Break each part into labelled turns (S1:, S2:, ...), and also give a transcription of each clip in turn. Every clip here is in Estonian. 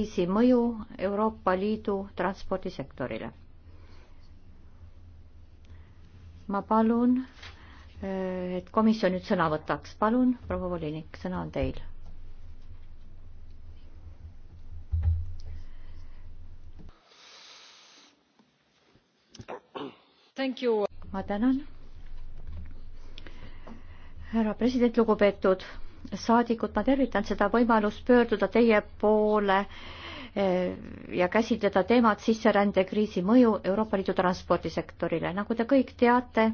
S1: kriisi mõju Euroopa Liidu transpordisektorile. ma palun, eh, et komisjon nüüd sõna võtaks. palun, proua volinik, sõna on teil. ma tänan. härra president, lugupeetud saadikud, ma tervitan seda võimalust pöörduda teie poole eh, ja käsitleda teemat sisserändekriisi mõju Euroopa Liidu transpordisektorile. nagu te kõik teate,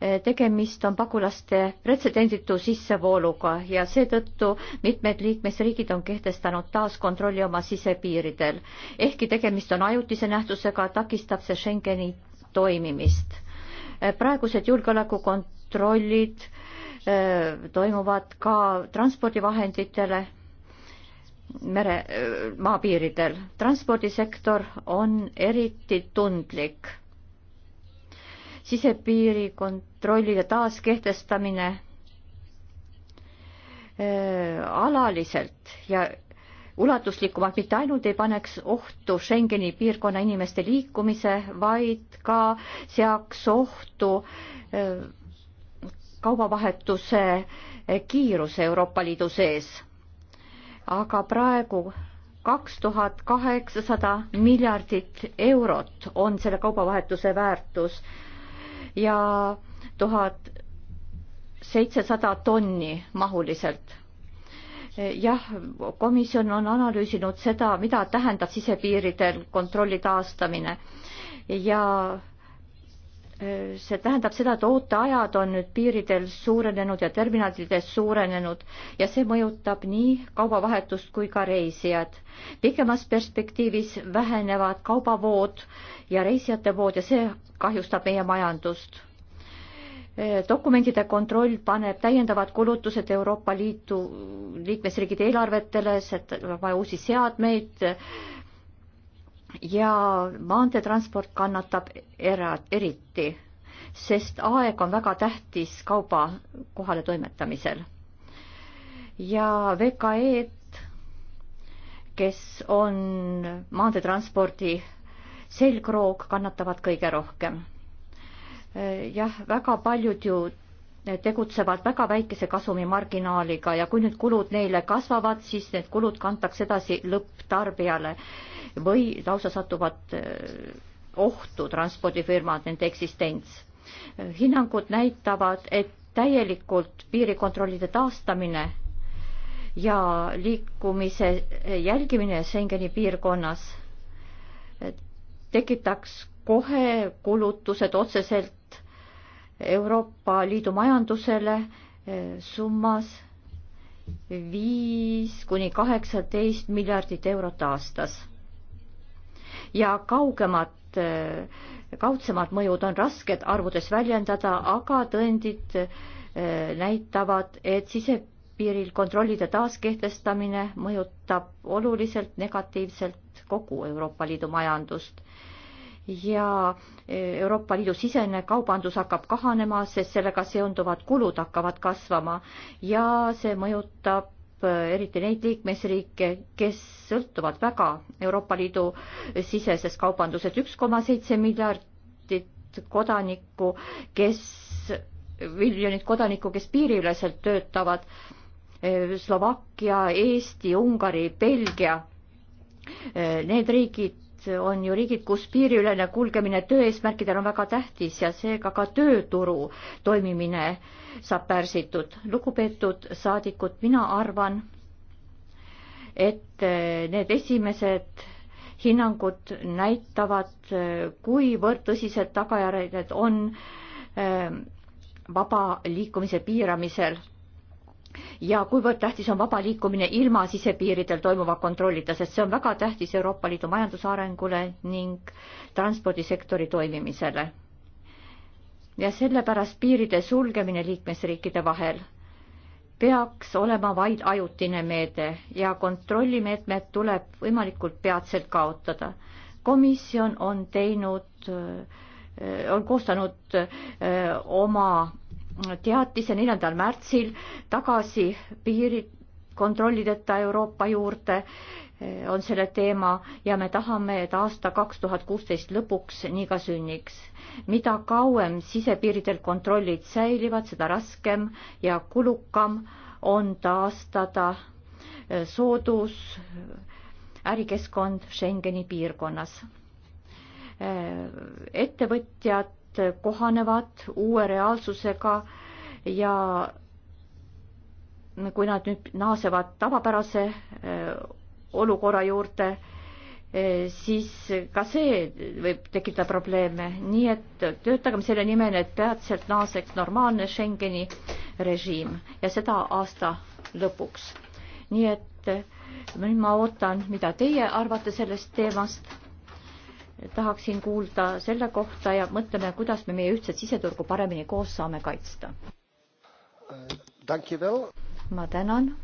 S1: eh, tegemist on pagulaste pretsedenditu sissevooluga ja seetõttu mitmed liikmesriigid on kehtestanud taas kontrolli oma sisepiiridel. ehkki tegemist on ajutise nähtusega, takistab see Schengeni toimimist. Eh, praegused julgeolekukontrollid äh, toimuvad ka transpordivahenditele mere, maapiiridel. transpordisektor on eriti tundlik. sisepiiri kontrollide taaskehtestamine alaliselt ja ulatuslikumalt mitte ainult ei paneks ohtu Schengeni piirkonna inimeste liikumise, vaid ka seaks ohtu öö, kaubavahetuse kiiruse Euroopa Liidu sees. aga praegu kaks tuhat kaheksasada miljardit eurot on selle kaubavahetuse väärtus ja tuhat seitsesada tonni mahuliselt. jah, komisjon on analüüsinud seda, mida tähendab sisepiiridel kontrolli taastamine ja see tähendab seda, et ooteajad on nüüd piiridel suurenenud ja terminalides suurenenud ja see mõjutab nii kaubavahetust kui ka reisijad. pikemas perspektiivis vähenevad kaubavood ja reisijate vood ja see kahjustab meie majandust. dokumentide kontroll paneb täiendavad kulutused Euroopa Liidu liikmesriikide eelarvetele, see on vaja uusi seadmeid, ja maanteetransport kannatab era-, eriti, sest aeg on väga tähtis kauba kohale toimetamisel. ja VKE-d, kes on maanteetranspordi selgroog, kannatavad kõige rohkem. jah, väga paljud ju tegutsevad väga väikese kasumimarginaaliga ja kui nüüd kulud neile kasvavad, siis need kulud kantakse edasi lõpptarbijale või lausa satuvad äh, ohtu transpordifirmad, nende eksistents. hinnangud näitavad, et täielikult piirikontrollide taastamine ja liikumise jälgimine Schengeni piirkonnas äh, tekitaks kohe kulutused otseselt Euroopa Liidu majandusele eh, summas viis kuni kaheksateist miljardit eurot aastas. ja kaugemad, eh, kaudsemad mõjud on rasked arvudes väljendada, aga tõendid eh, näitavad, et sisepiiril kontrollide taaskehtestamine mõjutab oluliselt negatiivselt kogu Euroopa Liidu majandust ja e, Euroopa Liidu sisene kaubandus hakkab kahanema, sest sellega seonduvad kulud hakkavad kasvama ja see mõjutab e, eriti neid liikmesriike, kes sõltuvad väga Euroopa Liidu sisesest kaubandusest. üks koma seitse miljardit kodanikku, kes, miljonit kodanikku, kes piiriüleselt töötavad, e, Slovakkia, Eesti, Ungari, Belgia, need riigid on ju riigid, kus piiriülene kulgemine tööeesmärkidel on väga tähtis ja seega ka tööturu toimimine saab pärsitud. lugupeetud saadikud, mina arvan, et eh, need esimesed hinnangud näitavad, eh, kuivõrd tõsised tagajärjed on eh, vaba liikumise piiramisel ja kuivõrd tähtis on vaba liikumine ilma sisepiiridel toimuva kontrollita, sest see on väga tähtis Euroopa Liidu majandusarengule ning transpordisektori toimimisele. ja sellepärast piiride sulgemine liikmesriikide vahel peaks olema vaid ajutine meede ja kontrollimeetmed tuleb võimalikult peatselt kaotada. komisjon on teinud, on koostanud oma teatise neljandal märtsil tagasi piirikontrollideta Euroopa juurde eh, on selle teema ja me tahame, et aasta kaks tuhat kuusteist lõpuks nii ka sünniks. mida kauem sisepiiridel kontrollid säilivad, seda raskem ja kulukam on taastada eh, soodus eh, ärikeskkond Schengeni piirkonnas ettevõtjad nad kohanevad uue reaalsusega ja kui nad nüüd naasevad tavapärase eh, olukorra juurde, eh, siis ka see võib tekitada probleeme, nii et töötagem selle nimel, et peatselt naaseks normaalne Schengeni režiim ja seda aasta lõpuks. nii et eh, nüüd ma ootan, mida teie arvate sellest teemast tahaksin kuulda selle kohta ja mõtleme, kuidas me meie ühtset siseturgu paremini koos saame kaitsta. ma tänan,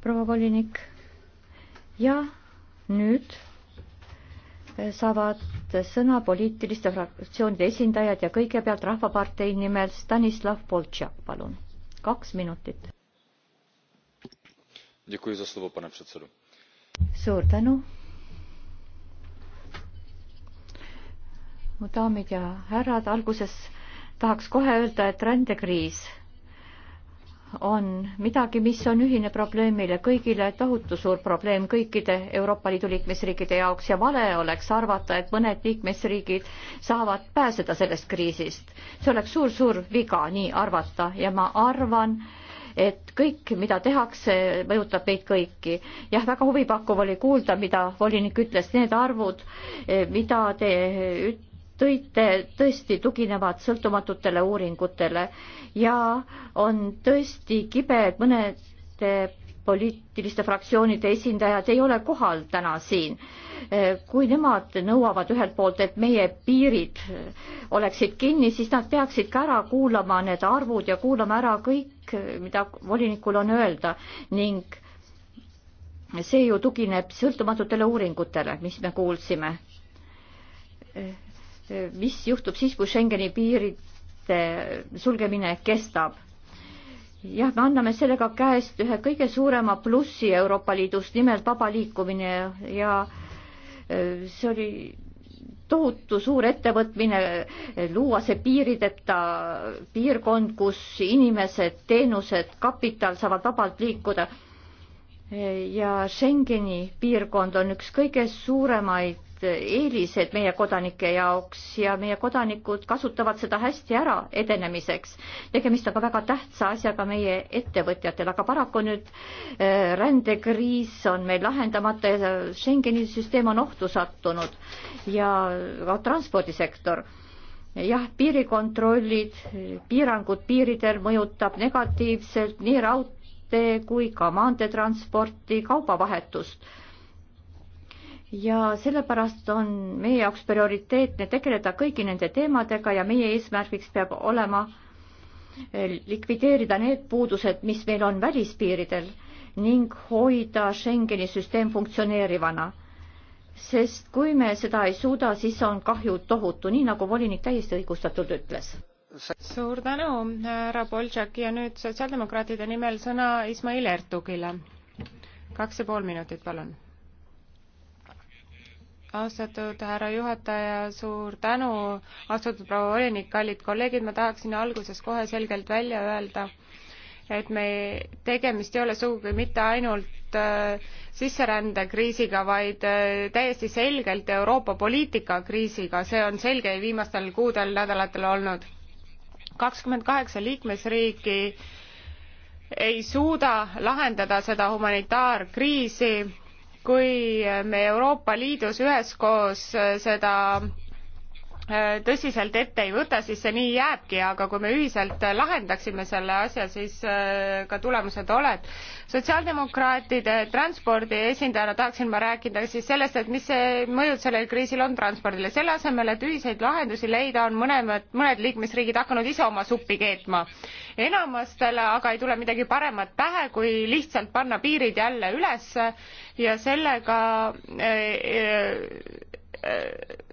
S1: proua volinik. ja nüüd saavad sõna poliitiliste fraktsioonide esindajad ja kõigepealt Rahvapartei nimel Stanislav Boltšak, palun. kaks minutit. suur tänu mu daamid ja härrad, alguses tahaks kohe öelda, et rändekriis on midagi, mis on ühine probleem meile kõigile, tohutu suur probleem kõikide Euroopa Liidu liikmesriikide jaoks ja vale oleks arvata, et mõned liikmesriigid saavad pääseda sellest kriisist. see oleks suur-suur viga nii arvata ja ma arvan, et kõik, mida tehakse, mõjutab meid kõiki. jah, väga huvipakkuv oli kuulda, mida volinik ütles, need arvud, eh, mida te üt-, tõite, tõesti tuginevad sõltumatutele uuringutele ja on tõesti kibe, et mõnede poliitiliste fraktsioonide esindajad ei ole kohal täna siin. kui nemad nõuavad ühelt poolt, et meie piirid oleksid kinni, siis nad peaksid ka ära kuulama need arvud ja kuulama ära kõik, mida volinikul on öelda ning see ju tugineb sõltumatutele uuringutele, mis me kuulsime mis juhtub siis, kui Schengeni piiride sulgemine kestab. jah, me anname sellega käest ühe kõige suurema plussi Euroopa Liidus, nimelt vaba liikumine ja äh, see oli tohutu suur ettevõtmine luua see piirideta piirkond, kus inimesed, teenused, kapital saavad vabalt liikuda. ja Schengeni piirkond on üks kõige suuremaid eelised meie kodanike jaoks ja meie kodanikud kasutavad seda hästi ära edenemiseks. tegemist on ka väga tähtsa asjaga meie ettevõtjatel, aga paraku nüüd äh, rändekriis on meil lahendamata ja Schengeni süsteem on ohtu sattunud ja ka transpordisektor jah, piirikontrollid, piirangud piiridel mõjutab negatiivselt nii raudtee kui ka maanteetransporti, kaubavahetust ja sellepärast on meie jaoks prioriteetne tegeleda kõigi nende teemadega ja meie eesmärgiks peab olema eh, likvideerida need puudused, mis meil on välispiiridel ning hoida Schengeni süsteem funktsioneerivana. sest kui me seda ei suuda, siis on kahju tohutu, nii nagu volinik täiesti õigustatult ütles. suur tänu, härra
S2: Boltšak ja nüüd sotsiaaldemokraatide nimel sõna Ismail Ertugile. kaks ja pool minutit, palun austatud härra juhataja, suur tänu, austatud proua volinik, kallid kolleegid, ma tahaksin alguses kohe selgelt välja öelda, et me, tegemist ei ole sugugi mitte ainult äh, sisserändekriisiga, vaid äh, täiesti selgelt Euroopa poliitikakriisiga, see on selge viimastel kuudel-nädalatel olnud. kakskümmend kaheksa liikmesriiki ei suuda lahendada seda humanitaarkriisi kui me Euroopa Liidus üheskoos seda Äh, tõsiselt ette ei võta, siis see nii jääbki, aga kui me ühiselt lahendaksime selle asja, siis äh, ka tulemused oled. sotsiaaldemokraatide transpordi esindajana tahaksin ma rääkida siis sellest, et mis see mõjud sellel kriisil on transpordile. selle asemel, et ühiseid lahendusi leida, on mõlemad, mõned liikmesriigid hakanud ise oma suppi keetma. enamastele aga ei tule midagi paremat pähe, kui lihtsalt panna piirid jälle üles ja sellega äh, äh,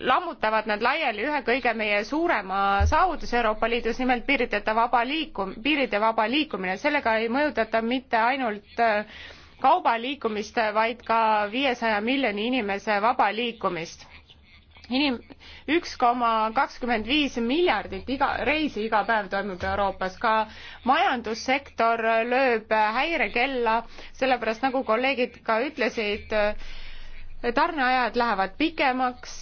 S2: lammutavad nad laiali ühe kõige meie suurema saavutuse Euroopa Liidus, nimelt piirideta vaba liikum-, piiride vaba liikumine. sellega ei mõjutata mitte ainult äh, kauba liikumist, vaid ka viiesaja miljoni inimese vaba liikumist inim-, üks koma kakskümmend viis miljardit iga, reisi iga päev toimub Euroopas, ka majandussektor lööb häirekella, sellepärast nagu kolleegid ka ütlesid, tarneajad lähevad pikemaks,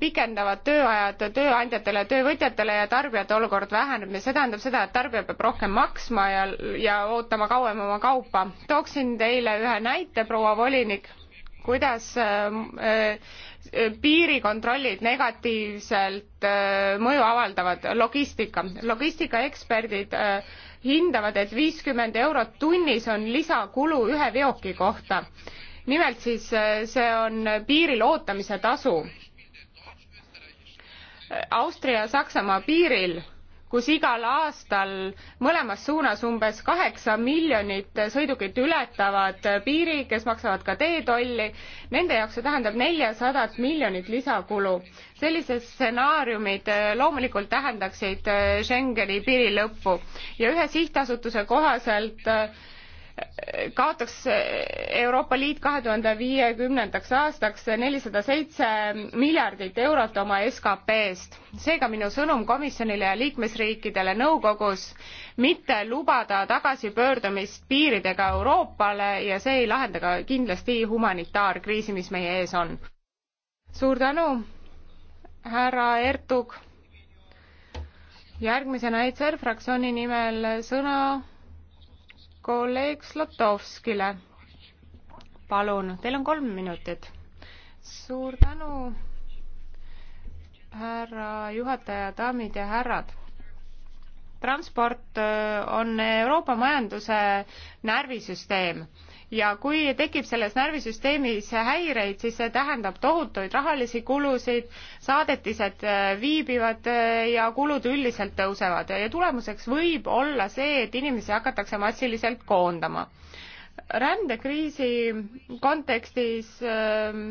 S2: pikendavad tööajad tööandjatele, töövõtjatele ja tarbijate olukord väheneb ja see tähendab seda, et tarbija peab rohkem maksma ja, ja ootama kauem oma kaupa. tooksin teile ühe näite, proua volinik, kuidas äh, piirikontrollid negatiivselt äh, mõju avaldavad logistika. logistikaeksperdid äh, hindavad, et viiskümmend eurot tunnis on lisakulu ühe veoki kohta nimelt siis eh, see on piiril ootamise tasu. Austria-Saksamaa piiril, kus igal aastal mõlemas suunas umbes kaheksa miljonit sõidukit ületavad piiri, kes maksavad ka teetolli, nende jaoks see tähendab neljasadat miljonit lisakulu. sellised stsenaariumid eh, loomulikult tähendaksid eh, Schengeni piiri lõppu ja ühe sihtasutuse kohaselt äh, kaotaks Euroopa Liit kahe tuhande viiekümnendaks aastaks nelisada seitse miljardit eurot oma SKP-st. seega minu sõnum komisjonile ja liikmesriikidele nõukogus mitte lubada tagasipöördumist piiridega Euroopale ja see ei lahenda ka kindlasti humanitaarkriisi, mis meie ees on. suur tänu, härra Ertug. järgmisena ETSR fraktsiooni nimel sõna kolleeg Slotovskile. palun, teil on kolm minutit. suur tänu, härra juhataja, daamid ja härrad transport äh, on Euroopa majanduse närvisüsteem ja kui tekib selles närvisüsteemis häireid, siis see tähendab tohutuid rahalisi kulusid, saadetised äh, viibivad äh, ja kulud üldiselt tõusevad ja tulemuseks võib olla see, et inimesi hakatakse massiliselt koondama. rändekriisi kontekstis ähm,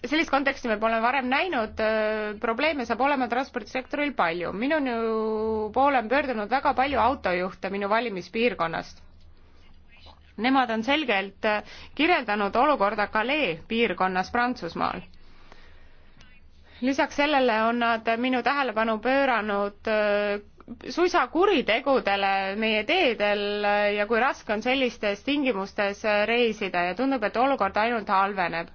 S2: sellist konteksti me pole varem näinud, äh, probleeme saab olema transpordisektoril palju. minuni poole on pöördunud väga palju autojuhte minu valimispiirkonnast Nemad on selgelt äh, kirjeldanud olukorda Calais piirkonnas Prantsusmaal. lisaks sellele on nad minu tähelepanu pööranud äh, suisa kuritegudele meie teedel äh, ja kui raske on sellistes tingimustes reisida ja tundub, et olukord ainult halveneb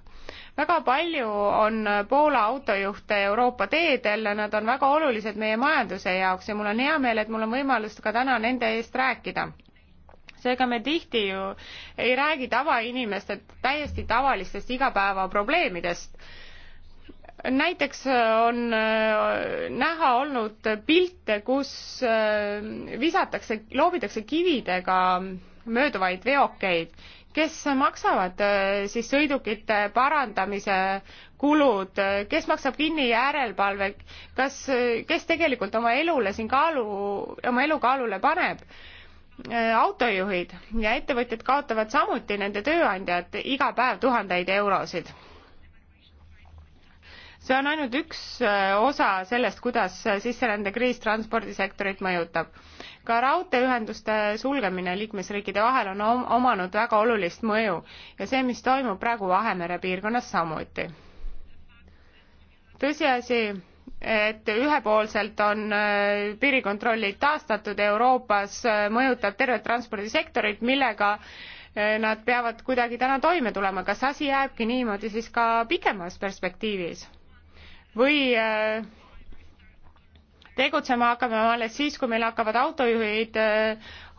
S2: väga palju on Poola autojuhte Euroopa teedel, nad on väga olulised meie majanduse jaoks ja mul on hea meel, et mul on võimalust ka täna nende eest rääkida seega me tihti ju ei räägi tavainimeste täiesti tavalistest igapäevaprobleemidest. näiteks on äh, näha olnud pilte, kus äh, visatakse, loobitakse kividega mööduvaid veokeid, kes maksavad äh, siis sõidukite parandamise kulud, kes maksab kinni järelevalve, kas, kes tegelikult oma elule siin kaalu, oma elu kaalule paneb Äh, autojuhid ja ettevõtjad kaotavad samuti nende tööandjad iga päev tuhandeid eurosid. see on ainult üks äh, osa sellest, kuidas äh, sisserändekriis transpordisektorit mõjutab. ka raudteeühenduste sulgemine liikmesriikide vahel on omanud väga olulist mõju ja see, mis toimub praegu Vahemere piirkonnas samuti. tõsiasi, et ühepoolselt on äh, piirikontrollid taastatud Euroopas, äh, mõjutab tervet transpordisektorit, millega äh, nad peavad kuidagi täna toime tulema, kas asi jääbki niimoodi siis ka pikemas perspektiivis? või tegutsema hakkame alles siis, kui meil hakkavad autojuhid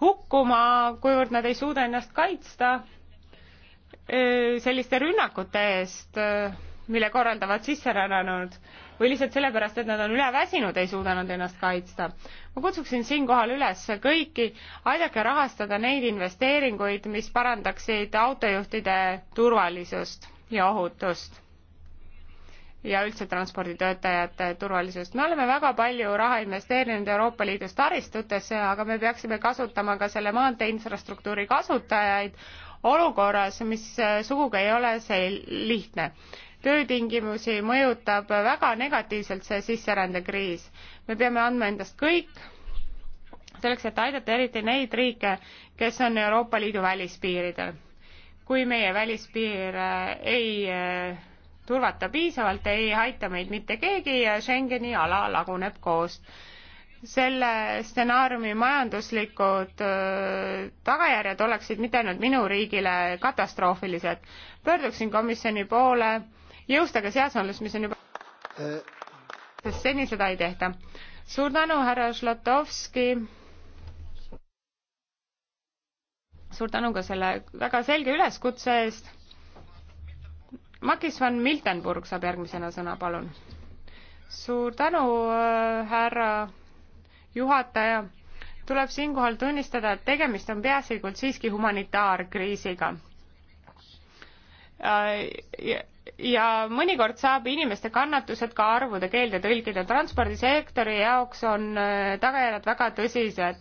S2: hukkuma, kuivõrd nad ei suuda ennast kaitsta selliste rünnakute eest, mille korraldavad sisserännanud või lihtsalt sellepärast, et nad on üleväsinud, ei suuda nad ennast kaitsta. ma kutsuksin siinkohal üles kõiki, aidake rahastada neid investeeringuid, mis parandaksid autojuhtide turvalisust ja ohutust ja üldse transporditöötajate turvalisust. me oleme väga palju raha investeerinud Euroopa Liidus taristutesse, aga me peaksime kasutama ka selle maantee infrastruktuuri kasutajaid olukorras, mis sugugi ei ole see lihtne töötingimusi mõjutab väga negatiivselt see sisserändekriis. me peame andma endast kõik selleks, et aidata eriti neid riike, kes on Euroopa Liidu välispiiridel. kui meie välispiir eh, ei eh, turvata piisavalt, ei aita meid mitte keegi ja Schengeni ala laguneb koos selle stsenaariumi majanduslikud eh, tagajärjed oleksid mitte ainult minu riigile katastroofilised. pöörduksin komisjoni poole jõustage seadusandlust, mis on juba äh. sest seni seda ei tehta. suur tänu, härra Šlatovski. suur tänu ka selle väga selge üleskutse eest. Makis van Miltenburg saab järgmisena sõna, palun. suur tänu, äh, härra juhataja. tuleb siinkohal tunnistada, et tegemist on peaasjalikult siiski humanitaarkriisiga äh, ja mõnikord saab inimeste kannatused ka arvude keelde tõlkida. transpordisektori jaoks on äh, tagajärjed väga tõsised.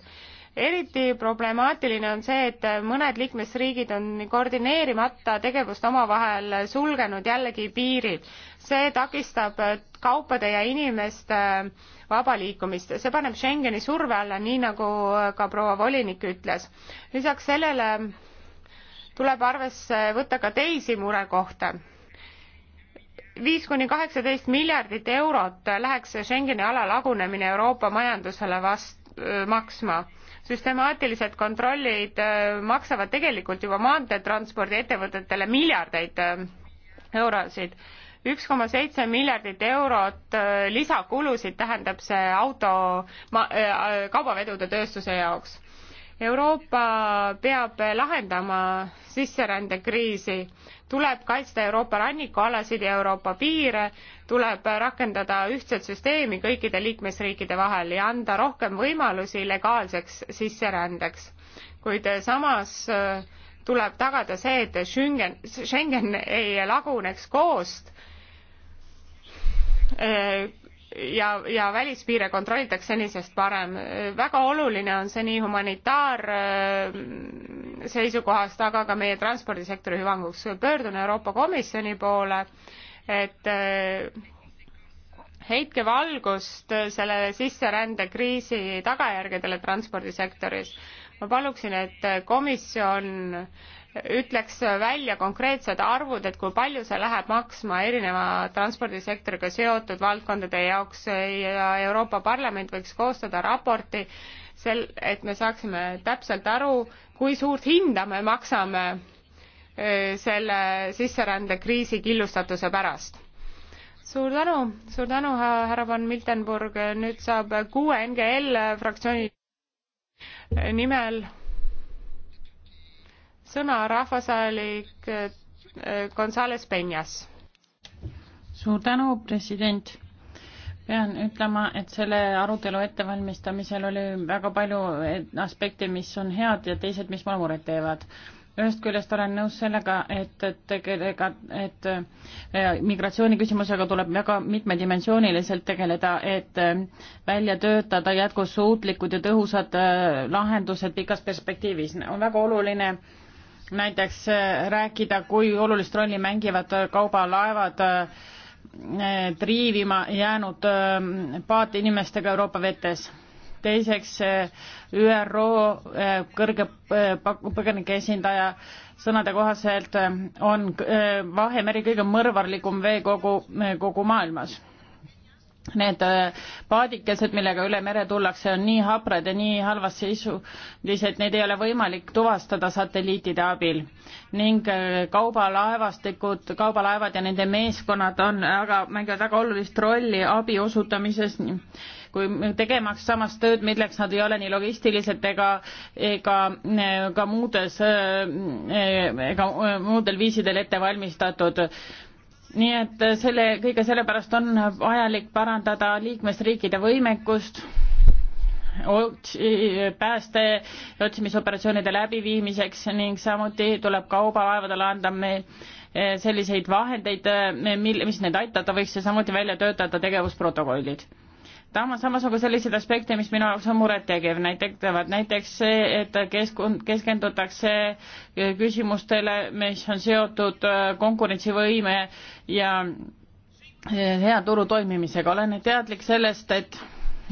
S2: eriti problemaatiline on see, et äh, mõned liikmesriigid on koordineerimata tegevust omavahel sulgenud jällegi piirid. see takistab äh, kaupade ja inimeste vaba liikumist. see paneb Schengeni surve alla, nii nagu ka proua volinik ütles. lisaks sellele tuleb arvesse võtta ka teisi murekohti viis kuni kaheksateist miljardit eurot läheks Schengeni ala lagunemine Euroopa majandusele vast-, maksma. süstemaatilised kontrollid äh, maksavad tegelikult juba maanteetranspordiettevõtetele miljardeid äh, eurosid. üks koma seitse miljardit eurot äh, lisakulusid tähendab see auto ma-, kaubavedude tööstuse jaoks. Euroopa peab lahendama sisserändekriisi tuleb kaitsta Euroopa rannikualasid ja Euroopa piire, tuleb rakendada ühtset süsteemi kõikide liikmesriikide vahel ja anda rohkem võimalusi legaalseks sisserändeks. kuid samas äh, tuleb tagada see, et Schengen, Schengen ei laguneks koost äh, ja, ja välispiire kontrollitakse senisest parem. väga oluline on see nii humanitaar äh, seisukohast, aga ka meie transpordisektori hüvanguks. pöördun Euroopa Komisjoni poole, et äh, heitke valgust selle sisserändekriisi tagajärgedele transpordisektoris. ma paluksin, et komisjon ütleks välja konkreetsed arvud, et kui palju see läheb maksma erineva transpordisektoriga seotud valdkondade jaoks ja Euroopa Parlament võiks koostada raporti sel, et me saaksime täpselt aru, kui suurt hinda me maksame äh, selle sisserändekriisi killustatuse pärast. suur tänu, suur tänu, härra von Miltenburg, nüüd saab kuue NGL fraktsiooni nimel sõna rahvasaadik eh, Gonzales Penjas.
S3: suur tänu, president pean ütlema, et selle arutelu ettevalmistamisel oli väga palju aspekte, mis on head ja teised, mis mulle muret teevad. ühest küljest olen nõus sellega, et, et tegelega, et migratsiooniküsimusega tuleb väga mitmedimensiooniliselt tegeleda, et välja töötada jätkusuutlikud ja tõhusad eh, lahendused pikas perspektiivis. on väga oluline äh, näiteks eh, rääkida, kui olulist rolli mängivad eh, kaubalaevad eh, triivima jäänud paatinimestega Euroopa vetes. teiseks ÜRO kõrge põgenike esindaja sõnade kohaselt on Vahemeri kõige mõrvarlikum veekogu kogu maailmas need äh, paadikesed, millega üle mere tullakse, on nii haprad ja nii halvas seisundis, et neid ei ole võimalik tuvastada satelliitide abil. ning äh, kaubalaevastikud, kaubalaevad ja nende meeskonnad on väga, mängivad väga olulist rolli abi osutamises, kui tegemaks samast tööd, milleks nad ei ole nii logistiliselt ega, ega äh, ka muudes, ega muudel viisidel ette valmistatud nii et selle, kõige sellepärast on vajalik parandada liikmesriikide võimekust pääste ja otsimisoperatsioonide läbiviimiseks ning samuti tuleb kaubalaevadele anda meil eh, selliseid vahendeid, eh, mil, mis neid aitada võiks ja samuti välja töötada tegevusprotokollid samas on ka selliseid aspekte, mis minu jaoks on murettegev, näitavad näiteks see, et keskkond, keskendutakse küsimustele, mis on seotud äh, konkurentsivõime ja äh, hea turu toimimisega, olen teadlik sellest, et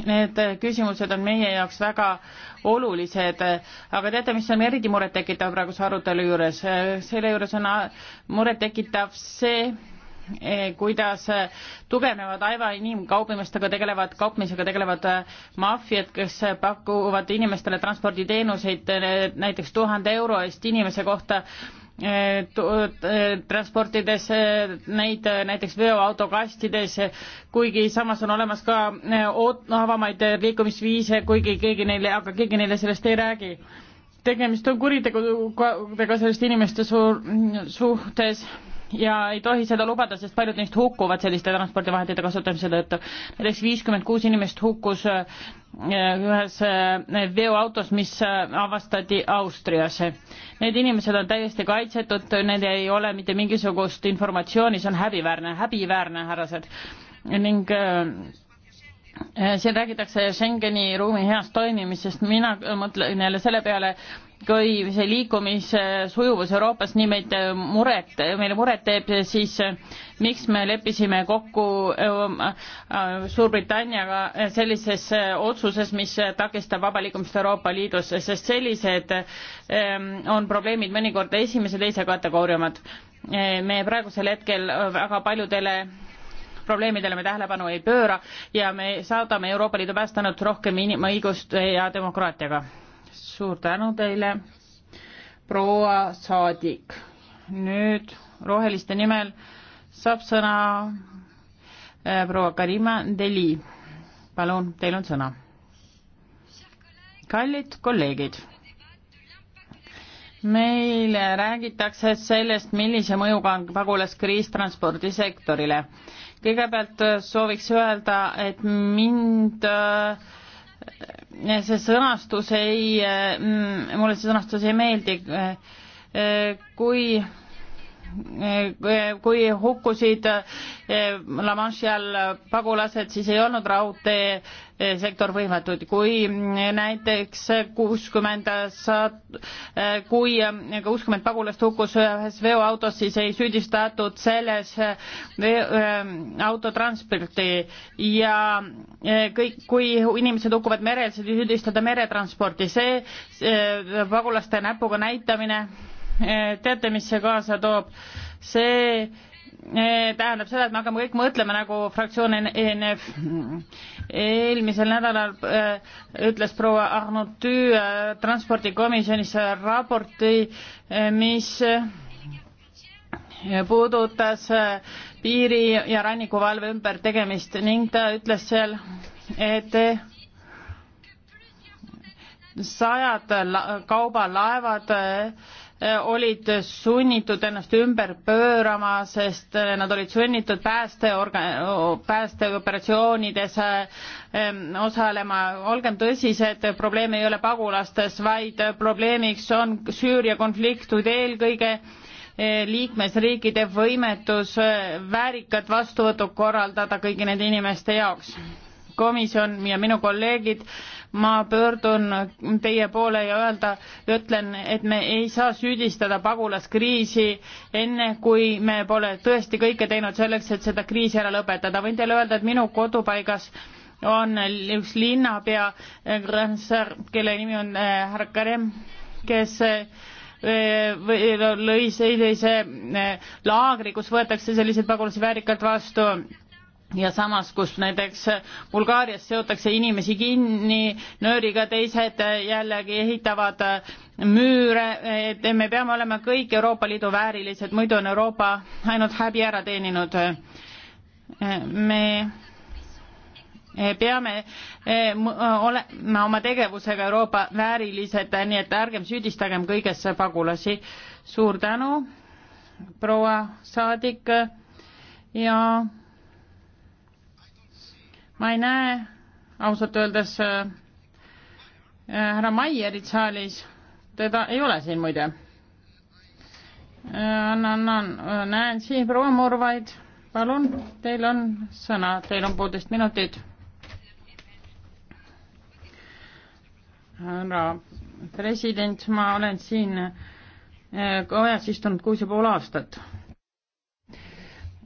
S3: need küsimused on meie jaoks väga olulised, aga teate, mis on eriti murettekitav praeguse arutelu juures, äh, selle juures on murettekitav see, Eh, kuidas eh, tugevnevad aiva inimkaubimistega tegelevad, kaupmisega tegelevad eh, maffiad, kes pakuvad inimestele transporditeenuseid näiteks tuhande euro eest inimese kohta transportides neid näiteks veoautokastides, kuigi samas on olemas ka avamaid liikumisviise, kuigi keegi neile, aga keegi neile sellest ei räägi. tegemist on kuritegudega selliste inimeste suur, suhtes ja ei tohi seda lubada, sest paljud neist hukkuvad selliste transpordivahendite kasutamise tõttu. näiteks viiskümmend kuus inimest hukkus äh, ühes äh, veoautos, mis äh, avastati Austrias. Need inimesed on täiesti kaitsetud, neil ei ole mitte mingisugust informatsiooni, see on häbiväärne, häbiväärne, härrased. ning siin räägitakse Schengeni ruumi heast toimimisest, mina mõtlen jälle selle peale, kui see liikumise sujuvus Euroopas nii meid äh, muret, meile muret teeb, siis äh, miks me leppisime kokku äh, Suurbritanniaga sellises otsuses, mis takistab vaba liikumist Euroopa Liidus, sest sellised ähm, on probleemid mõnikord esimese-teise kategooria omad. me praegusel hetkel väga paljudele probleemidele me tähelepanu ei pööra ja me saadame Euroopa Liidu päästenud rohkem inimõigust ja demokraatiaga suur tänu teile, proua saadik. nüüd roheliste nimel saab sõna eh, proua Karima Deli. palun, teil on sõna. kallid kolleegid, meile räägitakse sellest, millise mõjuga on pagulaskriis transpordisektorile. kõigepealt eh, sooviks öelda, et mind äh, see sõnastus ei, mm, mulle see sõnastus ei meeldi. kui kui hukkusid eh, La Manche'i all pagulased, siis ei olnud raudteesektor eh, võimatud. kui eh, näiteks kuuskümmend saat-, kui kuuskümmend pagulast hukkus ühes veoautos, siis ei süüdistatud selles autotransporti ja kõik, kui inimesed hukkuvad merel, siis ei süüdistada meretransporti. see pagulaste näpuga näitamine Eh, teate, mis see kaasa toob? see eh, tähendab seda, et me hakkame kõik mõtlema nagu fraktsioon ENF. eelmisel nädalal äh, ütles proua Arnotüü äh, transpordikomisjonis raporti äh,, mis puudutas piiri ja rannikuvalve ümbertegemist ning ta ütles seal, et sajad kaubalaevad Äh, olid sunnitud ennast ümber pöörama, sest äh, nad olid sunnitud päästeorga-, päästeoperatsioonides ähm, osalema. olgem tõsised, probleem ei ole pagulastes, vaid probleemiks on Süüria konflikt, kuid eelkõige äh, liikmesriikide võimetus väärikat vastuvõttu korraldada kõigi nende inimeste jaoks komisjon ja minu kolleegid, ma pöördun teie poole ja öelda, ütlen, et me ei saa süüdistada pagulaskriisi enne, kui me pole tõesti kõike teinud selleks, et seda kriisi ära lõpetada. võin teile öelda, et minu kodupaigas on üks linnapea, kelle nimi on äh, härra Karem, kes äh, äh, lõi sellise laagri, kus võetakse selliseid pagulasi väärikalt vastu ja samas, kus näiteks Bulgaarias seotakse inimesi kinni nööriga, teised jällegi ehitavad müüre, et me peame olema kõik Euroopa Liidu väärilised, muidu on Euroopa ainult häbi ära teeninud. me peame eh, olema oma tegevusega Euroopa väärilised, nii et ärgem süüdistagem kõigesse pagulasi. suur tänu, proua saadik ja ma ei näe ausalt öeldes äh, äh, härra Maierit saalis, teda ei ole siin muide. annan, äh, annan, näen siin proua Murvaid, palun, teil on sõna, teil on poolteist minutit. härra president, ma olen siin kojas istunud kuus ja pool aastat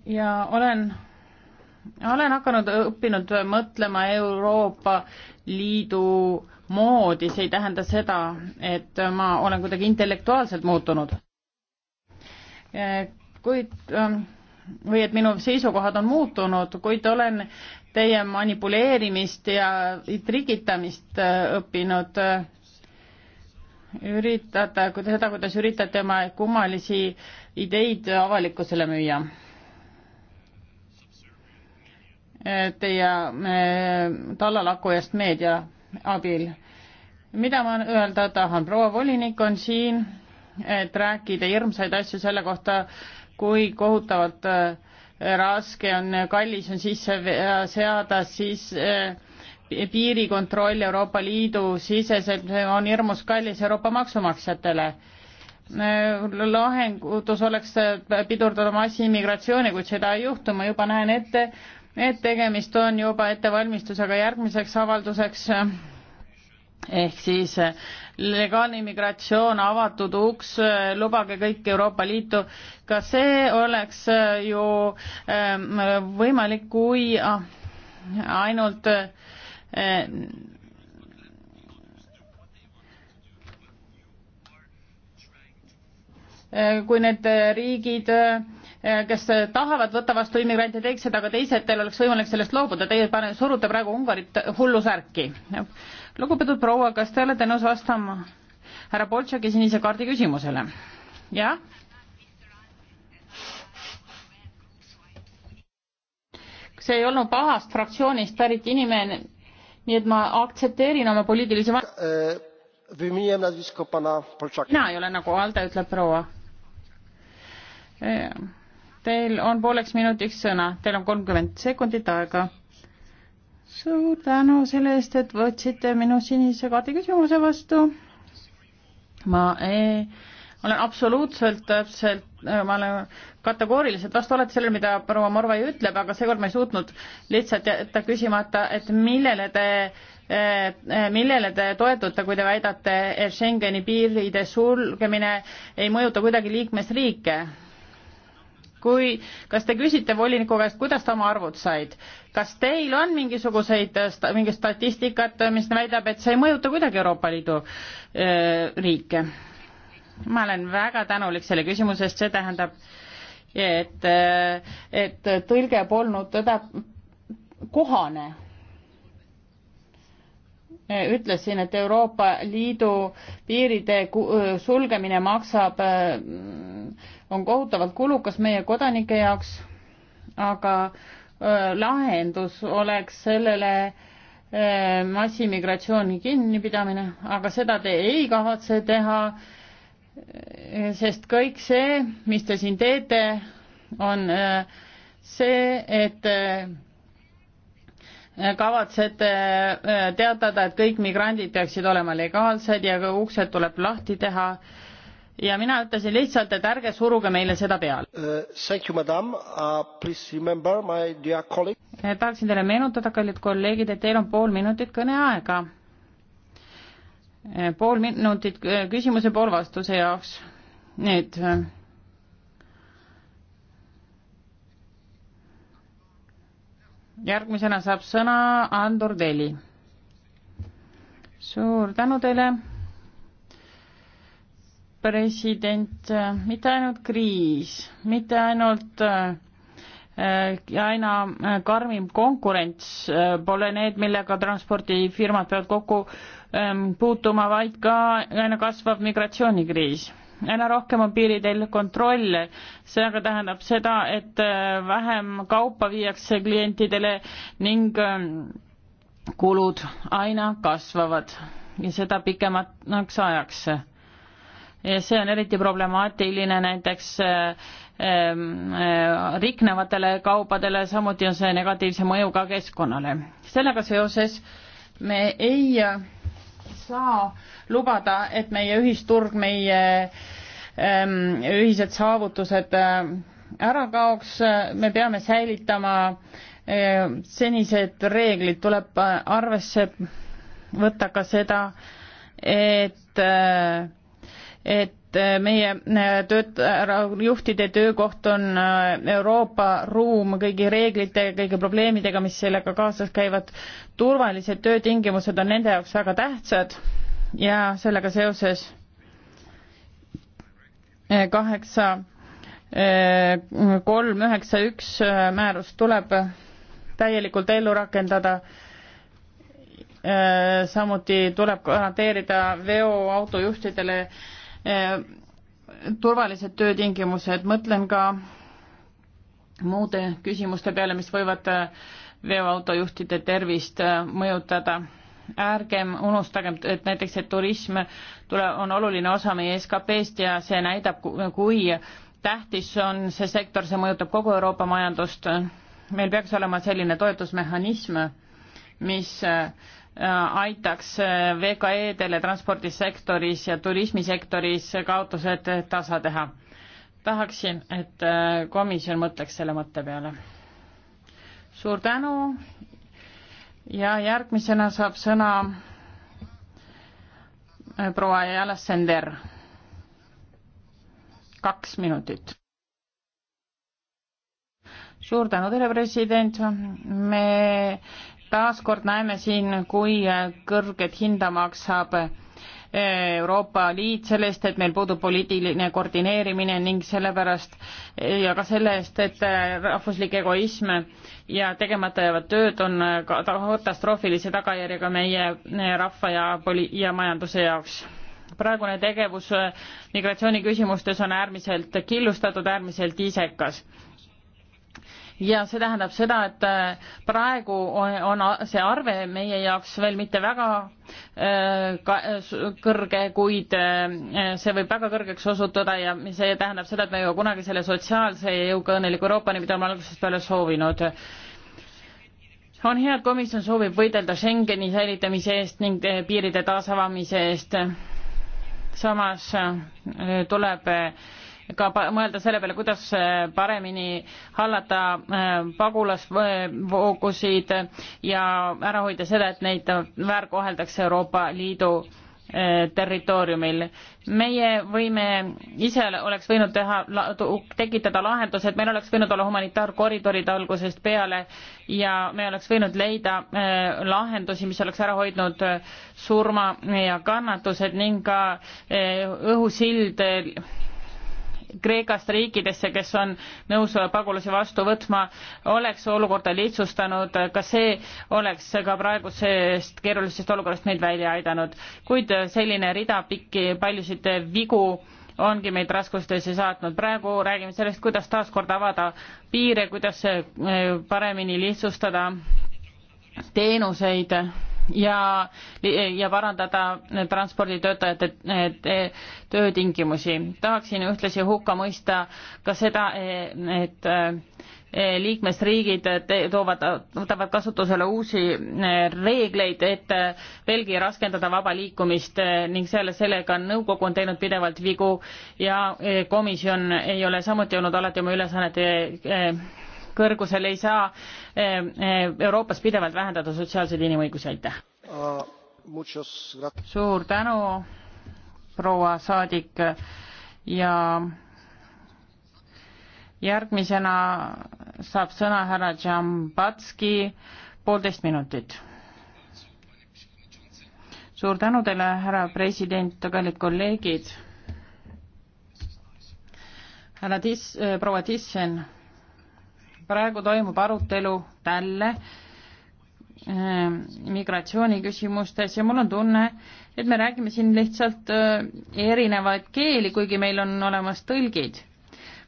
S3: ja olen olen hakanud, õppinud mõtlema Euroopa Liidu moodi, see ei tähenda seda, et ma olen kuidagi intellektuaalselt muutunud. kuid ähm, või et minu seisukohad on muutunud, kuid olen teie manipuleerimist ja trikitamist äh, õppinud. üritate, seda, kuidas üritate oma kummalisi ideid avalikkusele müüa teie tallalakujast meedia abil. mida ma öelda tahan, proua volinik on siin, et rääkida hirmsaid asju selle kohta, kui kohutavalt äh, raske on, kallis on sisse seada, siis äh, piirikontroll Euroopa Liidu siseselt on hirmus kallis Euroopa maksumaksjatele äh, lahendus oleks pidurdada massiimmigratsiooni, kuid seda ei juhtu, ma juba näen ette, et tegemist on juba ettevalmistusega järgmiseks avalduseks ehk siis eh, legaalne immigratsioon, avatud uks, eh, lubage kõik Euroopa Liitu, ka see oleks eh, ju võimalik, kui ah, ainult kui need riigid Eh, kes tahavad võtta vastu immigrante, teeks seda ka teised, teil oleks võimalik sellest loobuda, teie pane, surute praegu Ungarit hullusärki. lugupeetud proua, kas te olete nõus vastama härra Boltšaki sinise kaardi küsimusele? jah? see ei olnud pahast fraktsioonist pärit inimene, nii et ma aktsepteerin oma poliitilisi val- äh,. mina ei ole nagu Alde, ütleb proua. Äh, Teil on pooleks minutiks sõna, teil on kolmkümmend sekundit aega. suur tänu selle eest, et võtsite minu sinise kaardi küsimuse vastu. ma ei, olen absoluutselt täpselt, ma olen kategooriliselt vastu alati sellele, mida proua Morvai ütleb, aga seekord ma ei suutnud lihtsalt jätta küsimata, et millele te eh, millele te toetute, kui te väidate, et Schengeni piiride sulgemine ei mõjuta kuidagi liikmesriike? kui, kas te küsite voliniku käest, kuidas ta oma arvud said? kas teil on mingisuguseid, äh, mingit statistikat, mis väidab, et see ei mõjuta kuidagi Euroopa Liidu öö, äh, riike? ma olen väga tänulik selle küsimuse eest, see tähendab, et, äh, et tõlge polnud teda
S2: kohane.
S3: ütlesin, et Euroopa Liidu piiride sulgemine maksab on kohutavalt kulukas meie kodanike jaoks, aga lahendus oleks sellele massimigratsiooni kinnipidamine, aga seda te ei kavatse teha, sest kõik see, mis te siin teete, on see, et kavatsete teatada, et kõik migrandid peaksid olema legaalsed ja uksed tuleb lahti teha äh, ja mina ütlesin lihtsalt, et ärge suruge meile seda peale
S2: uh,. Uh, eh, tahaksin
S3: teile meenutada, kallid kolleegid, et teil on pool minutit kõneaega. Eh, pool minutit eh, küsimuse, pool vastuse jaoks. nüüd. järgmisena saab sõna Andur Teli. suur tänu teile president, mitte ainult kriis, mitte ainult äh, ja aina äh, karmim konkurents äh, pole need, millega transpordifirmad peavad kokku ähm, puutuma, vaid ka aina kasvav migratsioonikriis. aina rohkem on piiridel kontrolle, see aga tähendab seda, et vähem kaupa viiakse klientidele ning ähm, kulud aina kasvavad ja seda pikemaks ajaks see on eriti problemaatiline näiteks äh, ähm, äh, riknevatele kaupadele, samuti on see negatiivse mõjuga keskkonnale. sellega seoses me ei äh, saa lubada, et meie ühisturg, meie ähm, ühised saavutused ära kaoks, me peame säilitama senised reeglid, tuleb arvesse võtta ka seda, et et äh, meie äh, tööt-, juhtide töökoht on äh, Euroopa ruum kõigi reeglite, kõigi probleemidega, mis sellega kaasas käivad. turvalised töötingimused on nende jaoks väga tähtsad ja sellega seoses kaheksa kolm üheksa üks määrus tuleb täielikult ellu rakendada samuti tuleb garanteerida veoautojuhtidele Äh, turvalised töötingimused, mõtlen ka muude küsimuste peale, mis võivad äh, veoautojuhtide tervist äh, mõjutada. ärgem unustagem, et näiteks, et turism tule, on oluline osa meie SKP-st ja see näitab, kui tähtis on see sektor, see mõjutab kogu Euroopa majandust. meil peaks olema selline toetusmehhanism, mis Äh, aitaks äh, VKE-dele transpordisektoris ja turismisektoris kaotused tasa teha. tahaksin, et äh, komisjon mõtleks selle mõtte peale. suur tänu ja järgmisena saab sõna proua Jala Sender. kaks minutit suur tänu teile, president, me taaskord näeme siin, kui äh, kõrget hinda maksab äh, Euroopa Liit selle eest, et meil puudub poliitiline koordineerimine ning sellepärast äh, ja ka selle eest, et rahvuslik egoism ja tegemata jäävad tööd on katastroofilise tagajärjega meie rahva ja poli- ja majanduse jaoks praegune tegevus migratsiooniküsimustes on äärmiselt killustatud, äärmiselt isekas ja see tähendab seda, et äh, praegu on see arve meie jaoks veel mitte väga äh, äh, kõrge, kuid see võib väga kõrgeks osutuda ja see tähendab seda, et me ei jõua kunagi selle sotsiaalse ja jõuga õnneliku Euroopani, mida me algusest peale soovinud on hea, et komisjon soovib võidelda Schengeni säilitamise eest ning piiride taasavamise eest. samas tuleb ka mõelda selle peale, kuidas äh, paremini hallata äh, pagulasvoogusid ja ära hoida seda, et neid väärkoheldakse Euroopa Liidu äh, territooriumil. meie võime, ise oleks võinud teha, tekitada lahendused, meil oleks võinud olla humanitaarkoridorid algusest peale ja me oleks võinud leida lahendusi, mis oleks ära hoidnud surma ja kannatused ning ka õhusild Kreekast riikidesse, kes on nõus pagulasi vastu võtma, oleks olukorda lihtsustanud, ka see oleks ka praegusest keerulisest olukorrast meid välja aidanud. kuid selline rida pikki, paljusid vigu ongi meid raskustesse saatnud. praegu räägime sellest, kuidas taaskord avada piire, kuidas eh, paremini lihtsustada teenuseid ja, ja parandada transporditöötajate eh, töötingimusi. tahaksin ühtlasi hukka mõista ka seda, et eh, liikmesriigid toovad, võtavad kasutusele uusi eh, reegleid, et veelgi raskendada vaba liikumist ning selle, sellega nõukogu on teinud pidevalt vigu ja komisjon ei ole samuti olnud alati oma ülesannete kõrgusel ei saa eh, eh, Euroopas pidevalt vähendada sotsiaalseid inimõigusi, aitäh uh,. suur tänu, proua saadik ja järgmisena saab sõna härra Džambatski, poolteist minutit. suur tänu teile, härra president, kallid kolleegid. härra Tiss, proua Tissen praegu toimub arutelu talle ehm, migratsiooniküsimustes ja mul on tunne, et me räägime siin lihtsalt eh, erinevaid keeli, kuigi meil on olemas tõlgid.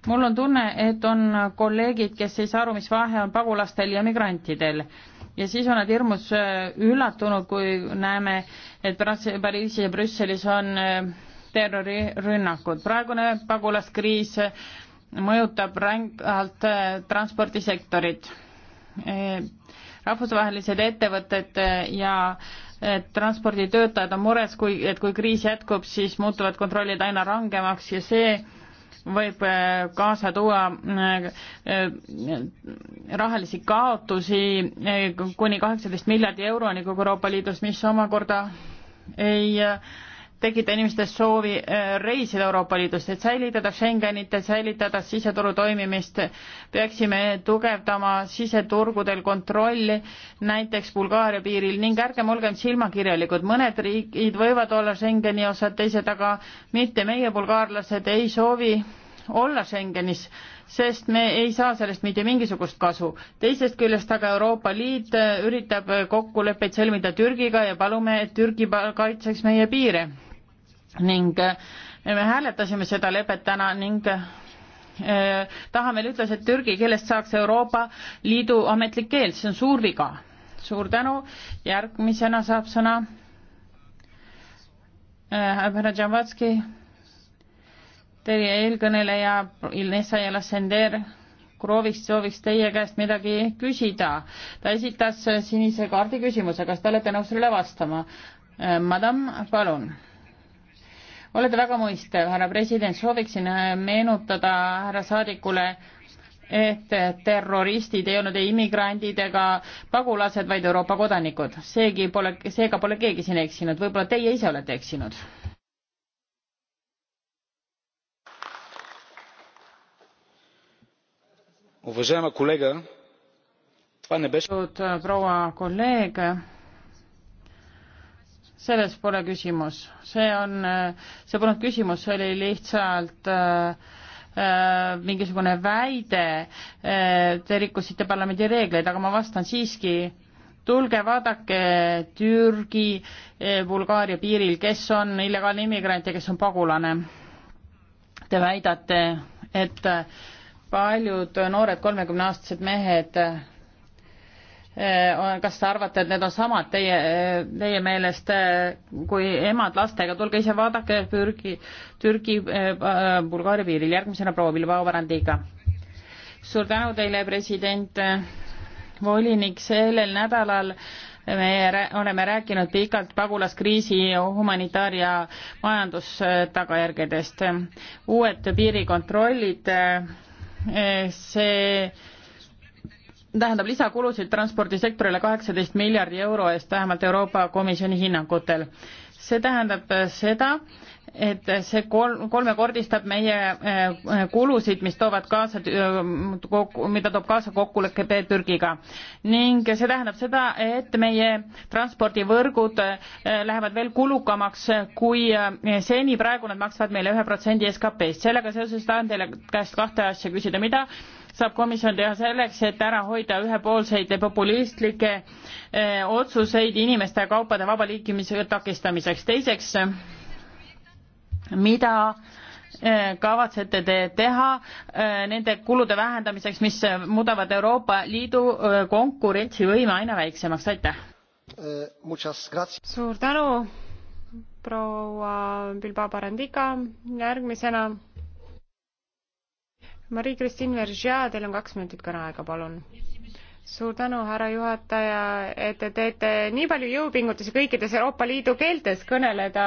S3: mul on tunne, et on kolleegid, kes ei saa aru, mis vahe on pagulastel ja migrantidel ja siis on nad hirmus eh, üllatunud, kui näeme, et Pariisis ja Brüsselis on eh, terrorirünnakud. praegune pagulaskriis mõjutab rängalt äh, transpordisektorit. E, rahvusvahelised ettevõtted äh, ja äh, transporditöötajad on mures, kui, et kui kriis jätkub, siis muutuvad kontrollid aina rangemaks ja see võib kaasa tuua rahalisi kaotusi kuni kaheksateist miljardi euroni kogu Euroopa Liidus, mis omakorda ei tekita inimestes soovi äh, reisida Euroopa Liidust, et säilitada Schengenit, et säilitada siseturu toimimist, peaksime tugevdama siseturgudel kontrolli, näiteks Bulgaaria piiril ning ärgem olgem silmakirjalikud, mõned riigid võivad olla Schengeni osad, teised aga mitte, meie bulgaarlased ei soovi olla Schengenis, sest me ei saa sellest mitte mingisugust kasu. teisest küljest aga Euroopa Liit äh, üritab kokkuleppeid sõlmida Türgiga ja palume, et Türgi kaitseks meie piire ning äh, me hääletasime seda lepet täna ning äh, Tahamel ütles, et türgi keelest saaks Euroopa Liidu ametlik keel, see on suur viga. suur tänu, järgmisena saab sõna äh, härra Džambatski, teie eelkõneleja Ilnesa Jelasender Krooviks sooviks teie käest midagi küsida. ta esitas sinise kaardi küsimuse, kas te olete nõus sellele vastama? Madam, palun olete väga mõistev, härra president, sooviksin äh, meenutada härra saadikule, et terroristid ei olnud ei immigrandid ega pagulased, vaid Euroopa kodanikud. seegi pole, seega pole keegi siin eksinud, võib-olla teie ise olete eksinud.
S2: Äh,
S3: proua kolleeg selles pole küsimus, see on, äh, see polnud küsimus, see oli lihtsalt äh, äh mingisugune väide, äh, te rikkusite parlamendi reegleid, aga ma vastan siiski, tulge vaadake Türgi, Bulgaaria piiril, kes on illegaalne immigrant ja kes on pagulane. Te väidate, et paljud noored kolmekümneaastased mehed Eh, kas te arvate, et need on samad teie, eh, teie meelest eh, kui emad lastega, tulge ise vaadake Türgi, Türgi, Bulgaaria piiril, järgmisena proua Bilbao Varandiga. suur tänu teile, president, volinik, sellel nädalal me oleme rääkinud pikalt pagulaskriisi humanitaar- ja majandustagajärgedest. uued piirikontrollid, see tähendab lisakulusid transpordisektorile kaheksateist miljardi euro eest, vähemalt Euroopa Komisjoni hinnangutel. see tähendab seda, et see kolm, kolmekordistab meie eh, kulusid, mis toovad kaasa, mida toob kaasa kokkulepe Türgiga. ning see tähendab seda, et meie transpordivõrgud eh, lähevad veel kulukamaks, kui eh, seni praegu nad maksavad meile ühe protsendi SKP-st. SKP sellega seoses tahan teile käest kahte asja küsida, mida saab komisjon teha selleks, et ära hoida ühepoolseid populistlikke eh, otsuseid inimeste ja kaupade vaba liikumise takistamiseks. teiseks, mida eh, kavatsete te teha eh, nende kulude vähendamiseks, mis muudavad Euroopa Liidu konkurentsivõime aina väiksemaks, aitäh!
S2: suur tänu, proua Bilbao Barandica, järgmisena Marie-Christine Vergea, teil on kaks minutit kõneaega, palun. suur tänu, härra juhataja, et te teete nii palju jõupingutusi kõikides Euroopa Liidu keeltes kõneleda.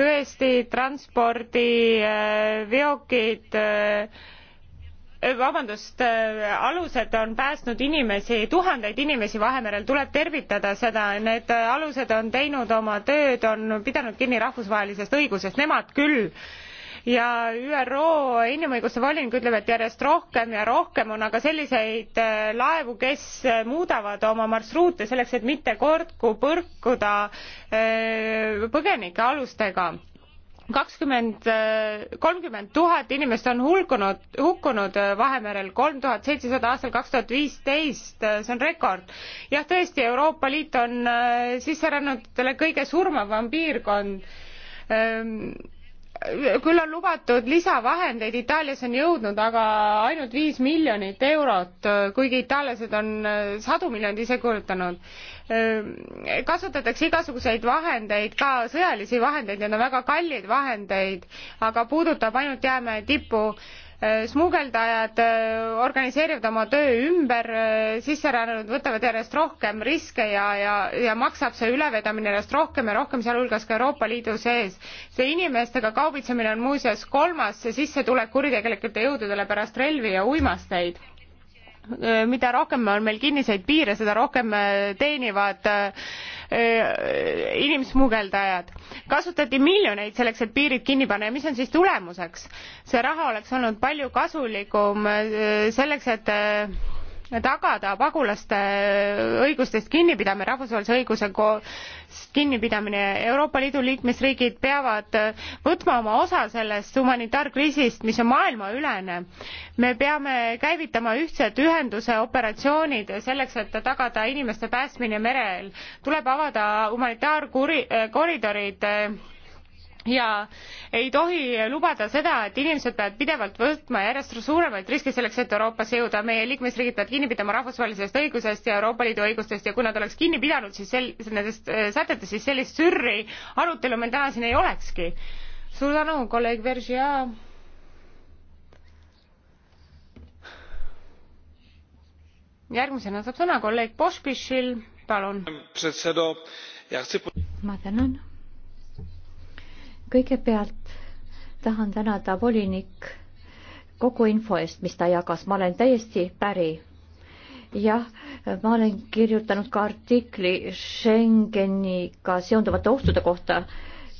S2: tõesti, transpordi, äh, veokid, äh, vabandust, äh, alused on päästnud inimesi, tuhandeid inimesi Vahemerel, tuleb tervitada seda, need alused on teinud oma tööd, on pidanud kinni rahvusvahelisest õigusest, nemad küll äh, ja ÜRO inimõiguste volinik ütleb, et järjest rohkem ja rohkem on aga selliseid äh, laevu, kes muudavad oma marsruute selleks, et mitte korku põrkuda äh, põgenike alustega kakskümmend äh, kolmkümmend tuhat inimest on hulkunud hukkunud vahemerel kolm tuhat seitsesada aastal kaks tuhat viisteist see on rekord jah tõesti euroopa liit on sisserännutele kõige surmavam piirkond ehm, küll on lubatud lisavahendeid, Itaalias on jõudnud aga ainult viis miljonit eurot, kuigi itaallased on äh, sadu miljoneid ise kulutanud. Äh, kasutatakse igasuguseid vahendeid, ka sõjalisi vahendeid, need on väga kallid vahendeid, aga puudutab ainult jäämäe tippu Äh, smugeldajad äh, organiseerivad oma töö ümber, äh, sisserännanud võtavad järjest rohkem riske ja, ja, ja maksab see ülevedamine järjest rohkem ja rohkem, sealhulgas ka Euroopa Liidu sees. see inimestega kaubitsemine on muuseas kolmas sissetulek kuritegelikele jõududele pärast relvi ja uimasteid mida rohkem on meil kinniseid piire, seda rohkem teenivad äh, Äh, inimsmugeldajad. kasutati miljoneid selleks, et piirid kinni panna ja mis on siis tulemuseks? see raha oleks olnud palju kasulikum äh, selleks, et äh, tagada pagulaste õigustest kinnipidamine rahvusvahelise õiguse kinnipidamine euroopa liidu liikmesriigid peavad võtma oma osa sellest humanitaarkriisist mis on maailmaülene me peame käivitama ühtsed ühenduse operatsioonid selleks et tagada inimeste päästmine merel tuleb avada humanitaarkoridorid ja ei tohi lubada seda, et inimesed peavad pidevalt võtma järjest suuremaid riske selleks, et Euroopasse jõuda. meie liikmesriigid peavad kinni pidama rahvusvahelisest õigusest ja Euroopa Liidu õigustest ja kui nad oleks kinni pidanud siis sel-, nendest äh, sätetest, siis sellist sürri arutelu meil täna siin ei olekski. suur tänu, kolleeg Veržia. järgmisena saab sõna kolleeg Pospišil, palun.
S1: ma tänan kõigepealt tahan tänada volinik kogu info eest, mis ta jagas, ma olen täiesti päri. jah, ma olen kirjutanud ka artikli Schengeniga seonduvate ohtude kohta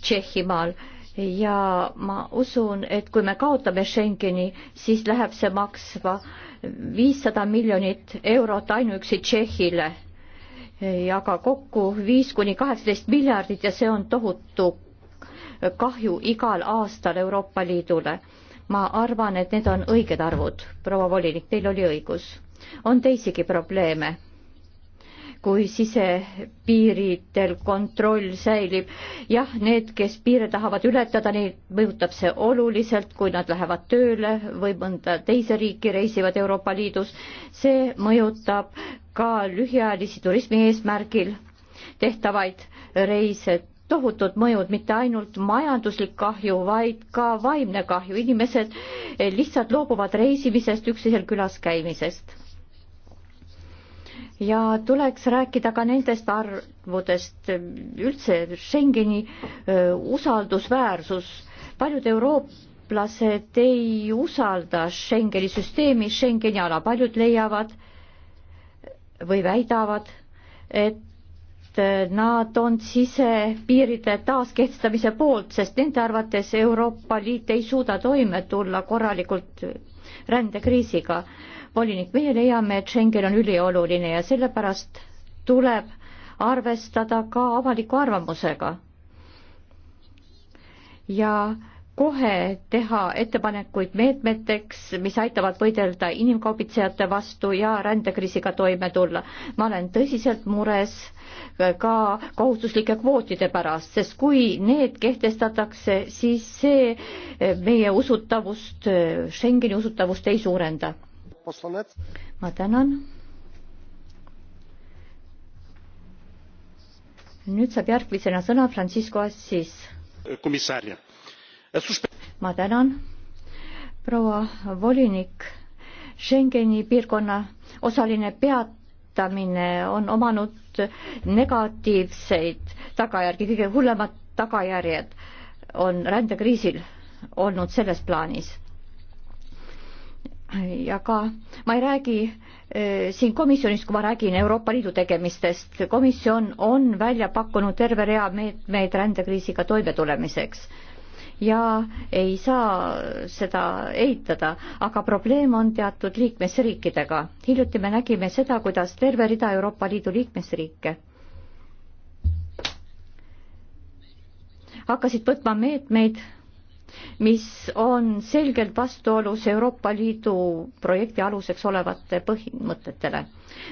S1: Tšehhimaal ja ma usun, et kui me kaotame Schengeni, siis läheb see maksma viissada miljonit eurot ainuüksi Tšehhile, aga kokku viis kuni kaheksateist miljardit ja see on tohutu kahju igal aastal Euroopa Liidule. ma arvan, et need on õiged arvud, proua volinik, teil oli õigus. on teisigi probleeme kui sisepiiridel kontroll säilib. jah, need, kes piire tahavad ületada, neid mõjutab see oluliselt, kui nad lähevad tööle või mõnda teise riiki reisivad Euroopa Liidus. see mõjutab ka lühiajalisi turismi eesmärgil tehtavaid reise tohutud mõjud, mitte ainult majanduslik kahju, vaid ka vaimne kahju, inimesed eh, lihtsalt loobuvad reisimisest, üksteisel külas käimisest. ja tuleks rääkida ka nendest arvudest, üldse Schengeni eh, usaldusväärsus, paljud eurooplased ei usalda Schengeni süsteemi, Schengeni ala, paljud leiavad või väidavad, et Eh, nad on sisepiiride taaskehtestamise poolt, sest nende arvates Euroopa Liit ei suuda toime tulla korralikult rändekriisiga. volinik, meie leiame, et Schengen on ülioluline ja sellepärast tuleb arvestada ka avaliku arvamusega. ja kohe teha ettepanekuid meetmeteks, mis aitavad võidelda inimkaubitsejate vastu ja rändekriisiga toime tulla. ma olen tõsiselt mures ka kohustuslike kvootide pärast, sest kui need kehtestatakse, siis see meie usutavust, Schengeni usutavust ei suurenda. ma tänan. nüüd saab järgmisena sõna Francisco Assis. komissaria ma tänan, proua volinik. Schengeni piirkonna osaline peatamine on omanud negatiivseid tagajärgi, kõige hullemad tagajärjed on rändekriisil olnud selles plaanis. ja ka ma ei räägi eh, siin komisjonis, kui ma räägin Euroopa Liidu tegemistest, komisjon on välja pakkunud terve rea meetmeid rändekriisiga toimetulemiseks ja ei saa seda eitada, aga probleem on teatud liikmesriikidega. hiljuti me nägime seda, kuidas terve rida Euroopa Liidu liikmesriike hakkasid võtma meetmeid, mis on selgelt vastuolus Euroopa Liidu projekti aluseks olevate põhimõtetele.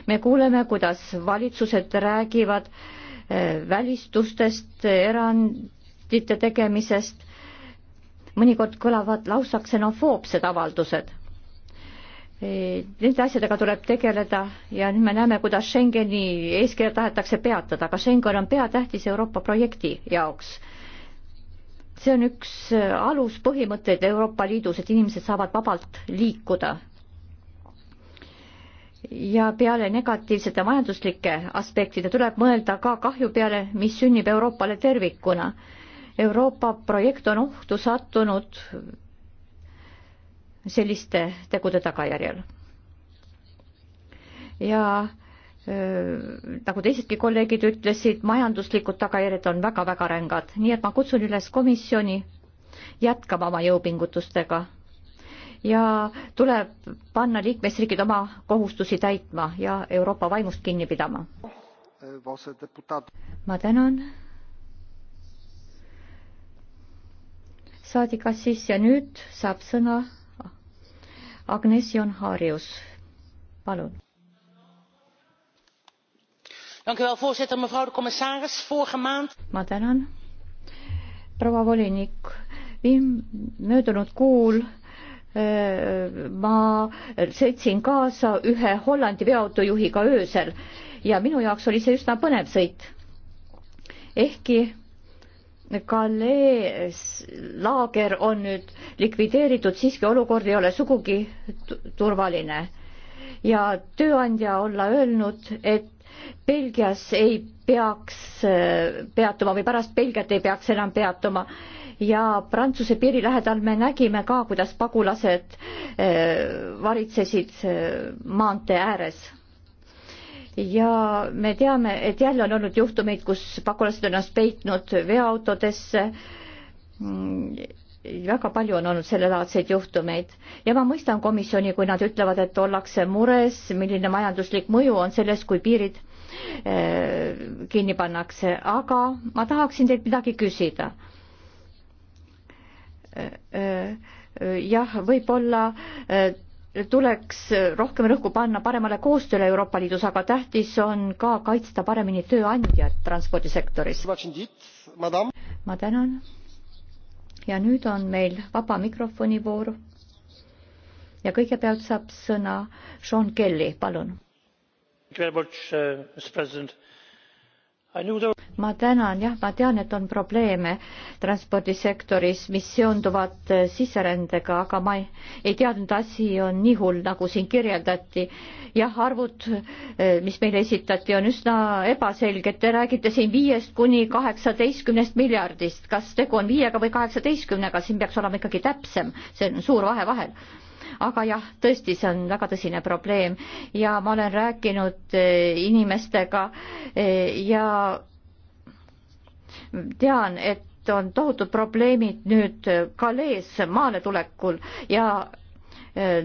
S1: me kuuleme, kuidas valitsused räägivad äh, välistustest, erandite tegemisest mõnikord kõlavad lausa ksenofoobsed avaldused. E, nende asjadega tuleb tegeleda ja nüüd me näeme, kuidas Schengeni eeskirja tahetakse peatada, aga Schengen on peatähtis Euroopa projekti jaoks. see on üks e, aluspõhimõtteid Euroopa Liidus, et inimesed saavad vabalt liikuda ja peale negatiivsete majanduslike aspektide tuleb mõelda ka kahju peale, mis sünnib Euroopale tervikuna. Euroopa projekt on ohtu sattunud selliste tegude tagajärjel. ja nagu teisedki kolleegid ütlesid, majanduslikud tagajärjed on väga-väga rängad, nii et ma kutsun üles komisjoni jätkama oma jõupingutustega ja tuleb panna liikmesriigid oma kohustusi täitma ja Euroopa vaimust kinni pidama.
S3: Äh,
S1: ma tänan saadik Assis ja nüüd saab sõna Agnes Jonharius, palun. ma tänan, proua volinik, viim-, möödunud kuul ma sõitsin kaasa ühe Hollandi veoautojuhiga öösel ja minu jaoks oli see üsna põnev sõit. ehkki Calais laager on nüüd likvideeritud, siiski olukord ei ole sugugi turvaline. ja tööandja olla öelnud, et Belgias ei peaks äh, peatuma või pärast Belgiat ei peaks enam peatuma ja Prantsuse piiri lähedal me nägime ka, kuidas pagulased äh, varitsesid äh, maantee ääres ja me teame, et jälle on olnud juhtumeid, kus pagulased on ennast peitnud veoautodesse. Mm, väga palju on olnud sellelaadseid juhtumeid ja ma mõistan komisjoni, kui nad ütlevad, et ollakse mures, milline majanduslik mõju on selles, kui piirid eh, kinni pannakse, aga ma tahaksin teilt midagi küsida. Eh, eh, jah, võib-olla tuleks rohkem rõhku panna paremale koostööle Euroopa Liidus, aga tähtis on ka kaitsta paremini tööandjad transpordisektoris. ma tänan. ja nüüd on meil vaba mikrofoni voor. ja kõigepealt saab sõna Sean Kelly, palun ma tänan, jah, ma tean, et on probleeme transpordisektoris, mis seonduvad äh, sisserändega, aga ma ei, ei teadnud, asi on nii hull, nagu siin kirjeldati. jah, arvud, äh, mis meile esitati, on üsna ebaselged, te räägite siin viiest kuni kaheksateistkümnest miljardist, kas tegu on viiega või kaheksateistkümnega, siin peaks olema ikkagi täpsem, see on suur vahe vahel aga jah, tõesti, see on väga tõsine probleem ja ma olen rääkinud eh, inimestega eh, ja tean, et on tohutud probleemid nüüd Kalees eh, maale tulekul ja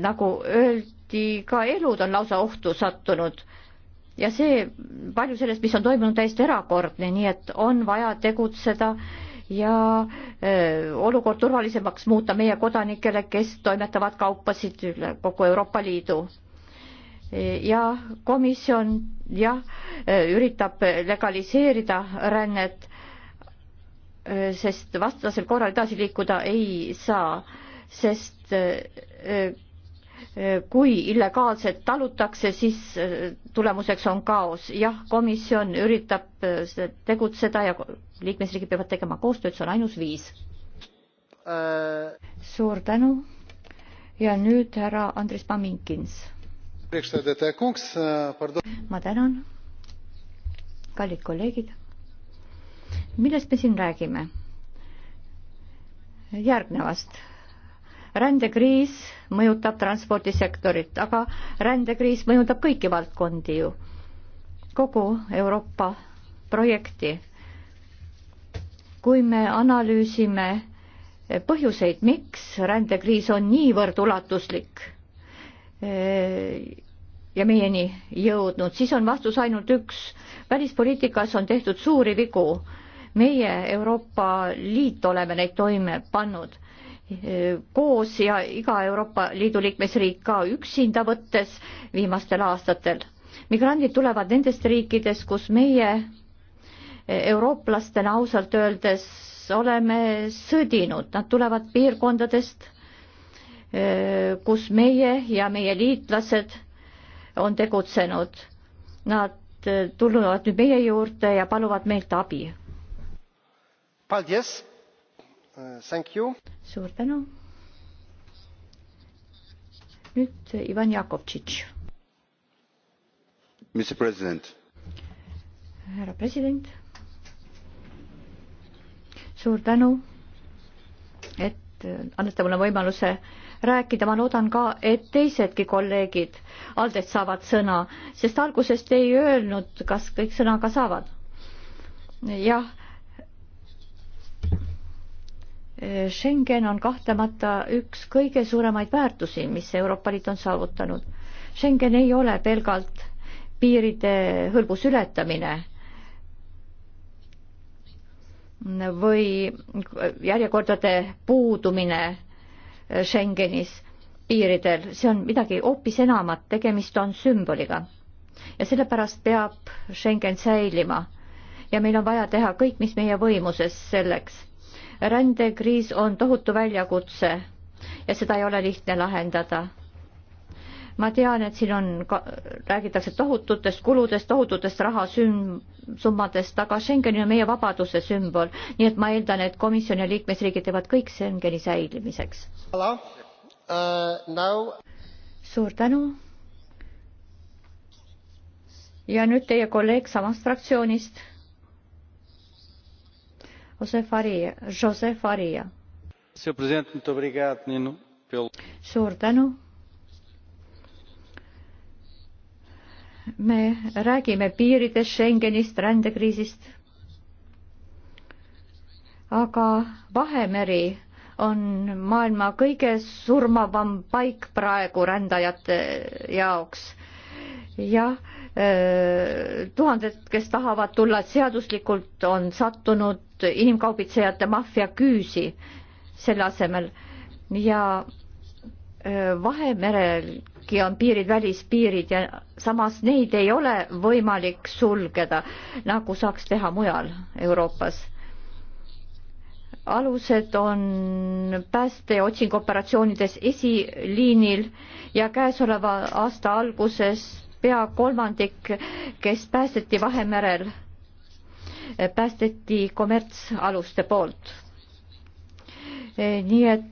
S1: nagu öeldi, ka elud on lausa ohtu sattunud ja see, palju sellest, mis on toimunud, täiesti erakordne, nii et on vaja tegutseda äh, ja eh, olukord turvalisemaks muuta meie kodanikele, kes toimetavad kaupasid üle kogu Euroopa Liidu. ja komisjon jah, eh, üritab legaliseerida rännet, eh, sest vastasel korral edasi liikuda ei saa, sest kui illegaalselt talutakse, siis tulemuseks on kaos. jah, komisjon üritab tegutseda ja liikmesriigid peavad tegema koostööd, see on ainus viis äh.... suur tänu ja nüüd härra Andris Paminkins. ma tänan, kallid kolleegid. millest me siin räägime? järgnevast rändekriis mõjutab transpordisektorit, aga rändekriis mõjutab kõiki valdkondi ju, kogu Euroopa projekti kui me analüüsime põhjuseid, miks rändekriis on niivõrd ulatuslik eh, ja meieni jõudnud, siis on vastus ainult üks. välispoliitikas on tehtud suuri vigu. meie, Euroopa Liit, oleme neid toime pannud eh, koos ja iga Euroopa Liidu liikmesriik ka üksinda võttes viimastel aastatel. migrandid tulevad nendest riikidest, kus meie eurooplastena ausalt öeldes oleme sõdinud, nad tulevad piirkondadest, eh, kus meie ja meie liitlased on tegutsenud. Nad eh, tulevad nüüd meie juurde ja paluvad meilt abi. Eh, suur tänu. nüüd Ivan Jakovtšitš. härra president suur tänu, et äh, annate mulle võimaluse rääkida, ma loodan ka, et teisedki kolleegid Aldet saavad sõna, sest algusest ei öelnud, kas kõik sõna ka saavad. jah. Äh, Schengen on kahtlemata üks kõige suuremaid väärtusi, mis Euroopa Liit on saavutanud. Schengen ei ole pelgalt piiride hõlbus ületamine või järjekordade puudumine Schengenis piiridel, see on midagi hoopis enamat, tegemist on sümboliga. ja sellepärast peab Schengen säilima ja meil on vaja teha kõik, mis meie võimuses selleks. rändekriis on tohutu väljakutse ja seda ei ole lihtne lahendada ma tean, et siin on ka, räägitakse tohututest kuludest, tohututest rahasummadest, aga Schengeni on meie vabaduse sümbol, nii et ma eeldan, et komisjon ja liikmesriigid teevad kõik Schengeni säilimiseks. Uh, now... suur tänu. ja nüüd teie kolleeg samast fraktsioonist. Josef Aria, Josef Aria. suur tänu me räägime piiridest, Schengenist, rändekriisist. aga Vahemeri on maailma kõige surmavam paik praegu rändajate jaoks. jah, äh, tuhanded, kes tahavad tulla seaduslikult, on sattunud inimkaubitsejate maffia küüsi selle asemel ja Vahemerelgi on piirid välispiirid ja samas neid ei ole võimalik sulgeda, nagu saaks teha mujal Euroopas. alused on pääste- ja otsinguoperatsioonides esiliinil ja käesoleva aasta alguses pea kolmandik, kes päästeti Vahemerel, päästeti kommertsaluste poolt. nii et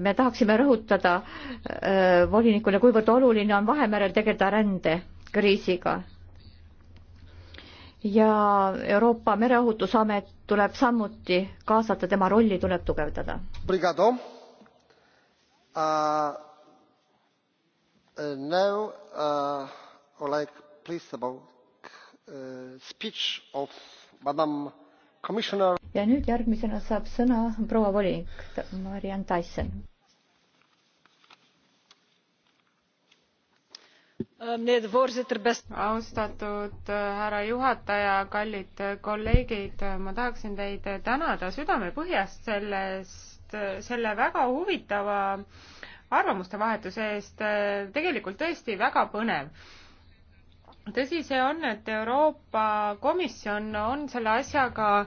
S1: me tahaksime rõhutada äh, volinikule, kuivõrd oluline on Vahemerel tegeleda rändekriisiga. ja Euroopa Mereohutusamet tuleb samuti kaasata, tema rolli tuleb tugevdada.
S3: Uh, now uh, I would like please about uh,
S2: speech of Madam Commissioner
S1: ja nüüd järgmisena saab sõna proua volinik Mariann Tyson.
S2: Ähm, austatud äh, härra juhataja, kallid kolleegid, äh, ma tahaksin teid äh, tänada südamepõhjast sellest, selle väga huvitava arvamuste vahetuse eest, tegelikult tõesti väga põnev tõsi see on, et Euroopa Komisjon on selle asjaga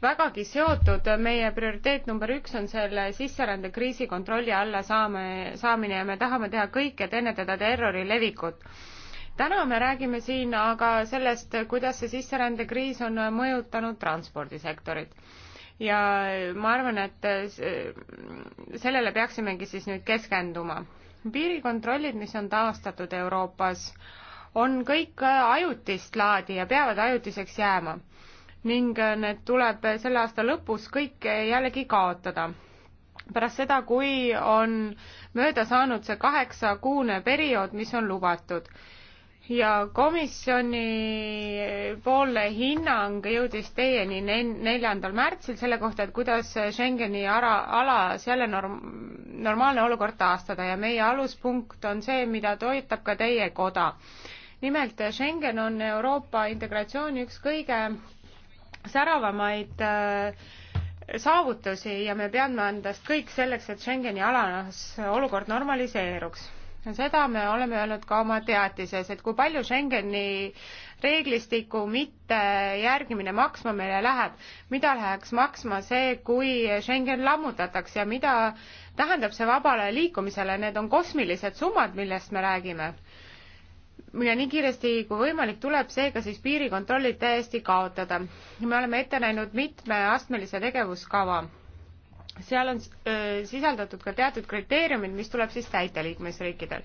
S2: vägagi seotud. meie prioriteet number üks on selle sisserändekriisi kontrolli alla saame, saamine ja me tahame teha kõik, et ennetada terrori levikut. täna me räägime siin aga sellest, kuidas see sisserändekriis on mõjutanud transpordisektorit ja ma arvan, et sellele peaksimegi siis nüüd keskenduma. piirikontrollid, mis on taastatud Euroopas, on kõik ajutist laadi ja peavad ajutiseks jääma ning äh, need tuleb selle aasta lõpus kõik jällegi kaotada. pärast seda, kui on mööda saanud see kaheksakuune periood, mis on lubatud ja komisjoni poolne hinnang jõudis teieni neljandal märtsil selle kohta, et kuidas Schengeni ara, alas jälle norm, normaalne olukord taastada ja meie aluspunkt on see, mida toetab ka teie koda. nimelt Schengen on Euroopa integratsiooni üks kõige säravamaid äh, saavutusi ja me peame endast kõik selleks, et Schengeni alalas olukord normaliseeruks seda me oleme öelnud ka oma teatises, et kui palju Schengeni reeglistiku mitte järgimine maksma meile läheb, mida läheks maksma see, kui Schengen lammutatakse ja mida tähendab see vabale liikumisele, need on kosmilised summad, millest me räägime ja nii kiiresti kui võimalik tuleb seega siis piirikontrollid täiesti kaotada. me oleme ette näinud mitmeastmelise tegevuskava. seal on öö, sisaldatud ka teatud kriteeriumid, mis tuleb siis täita liikmesriikidel.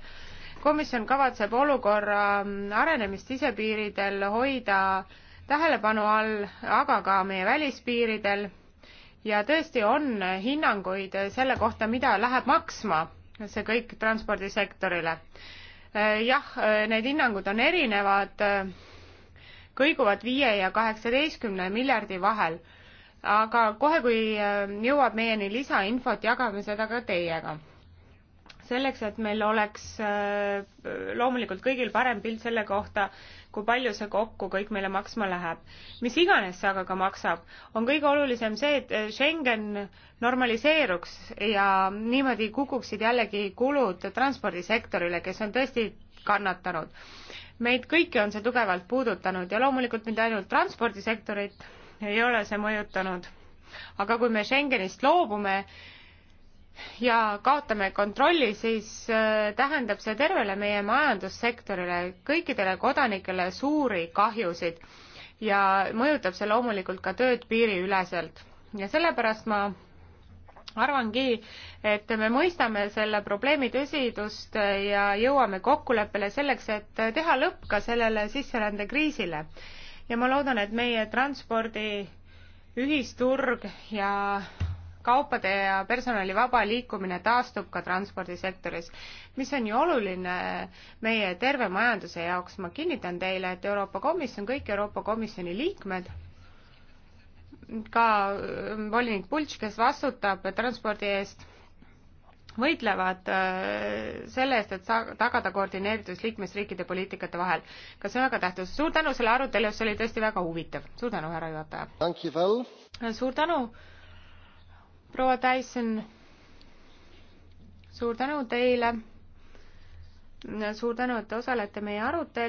S2: komisjon kavatseb olukorra arenemist sisepiiridel hoida tähelepanu all, aga ka meie välispiiridel ja tõesti on hinnanguid selle kohta, mida läheb maksma see kõik transpordisektorile Äh, jah, äh, need hinnangud on erinevad, äh, kõiguvad viie ja kaheksateistkümne miljardi vahel. aga kohe, kui jõuab meieni lisainfot, jagame seda ka teiega selleks, et meil oleks äh, loomulikult kõigil parem pilt selle kohta, kui palju see kokku kõik meile maksma läheb. mis iganes see aga ka maksab, on kõige olulisem see, et äh, Schengen normaliseeruks ja niimoodi kukuksid jällegi kulud transpordisektorile, kes on tõesti kannatanud. meid kõiki on see tugevalt puudutanud ja loomulikult mitte ainult transpordisektorit ei ole see mõjutanud, aga kui me Schengenist loobume, ja kaotame kontrolli, siis äh, tähendab see tervele meie majandussektorile, kõikidele kodanikele suuri kahjusid ja mõjutab see loomulikult ka tööd piiriüleselt. ja sellepärast ma arvangi, et me mõistame selle probleemi tõsidust ja jõuame kokkuleppele selleks, et teha lõpp ka sellele sisserändekriisile. ja ma loodan, et meie transpordi ühisturg ja kaupade ja personali vaba liikumine taastub ka transpordisektoris, mis on ju oluline meie terve majanduse jaoks. ma kinnitan teile, et Euroopa Komisjon, kõik Euroopa Komisjoni liikmed, ka ähm, volinik Pultš, kes vastutab transpordi eest, võitlevad äh, selle eest, et saa-, tagada koordineeritus liikmesriikide poliitikate vahel. ka see on väga tähtis. suur tänu selle arutelu eest, see oli tõesti väga huvitav. suur tänu, härra juhataja! suur tänu! proua Tyson, suur tänu teile. suur tänu, et te osalete meie arutelul.